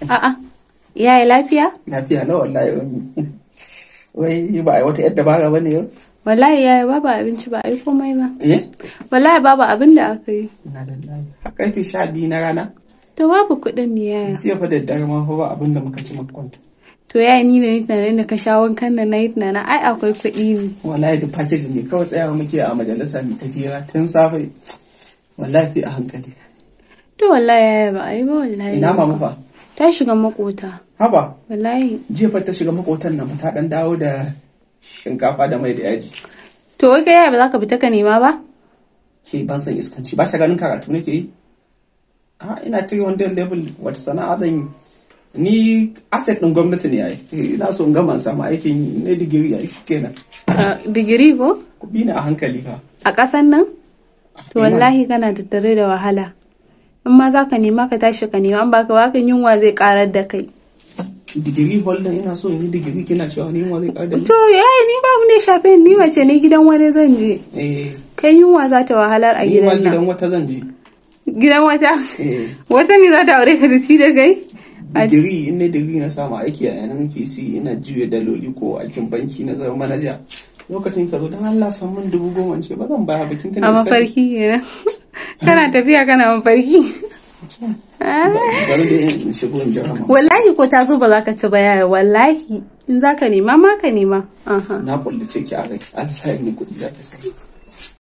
A'a, yaya lafiya? Lafiya na wallahi wani. Wai ba a yi wata yadda ba ba ne yau? Wallahi yaya babu abinci ba a yi komai ba. Eh? Wallahi babu abin da aka yi. Na lallahi. Haka sha biyu na rana? To babu kuɗin ne yaya. Jiya fa da daddare ma fa ba abin da muka ci muka kwanta. to ya ni da ni tunanin da ka sha wankan da na yi tunanin ai akwai kuɗi ne. wallahi da package ne kawai tsayawa muke a majalisa mai tafiya tun safe wallahi sai a hankali. to wallahi ya ba ai ba wallahi ina mamu ba. ta shiga makota haba wallahi fa ta shiga makotan nan ta dan dawo da shinkafa da mai da yaji to wai kai ba za ka fita ka nema ba ke ban san iskanci ba ta ganin karatu nake yi a ina 300 level wata sana'a zan yi ni asset din gwamnati ne ai eh, ina so in gama samu aikin yi ne digiri ai kenan digiri ko ku bi ni a hankali ka a ƙasan nan to wallahi kana tattare da wahala in ma za ka nema ka tashi ka nema ba ka wakan yunwa zai karar da kai digiri holden ina so in yi digiri kina cewa ni yunwa zai karar da ni to ya yi ni ba mu ne shafe ni mace ne gidan wani zan je eh. kai yunwa za ta wahalar a gidan nan gidan wata zan je gidan wata eh. wata ne za ta aure ka da ci da kai digiri in ne digiri na samu aiki a yanar pc ina juya daloli ko aikin banki na zama manaja lokacin ka zo don allah san min dubu goma ce ba zan baya bikin tana a mafarki kenan kana tafiya kana mafarki wallahi ko ta zo ba za ka ci ba yaya wallahi in za ka nema ma ka nema na kullace ki a rai an sa ni kuɗi za ka sani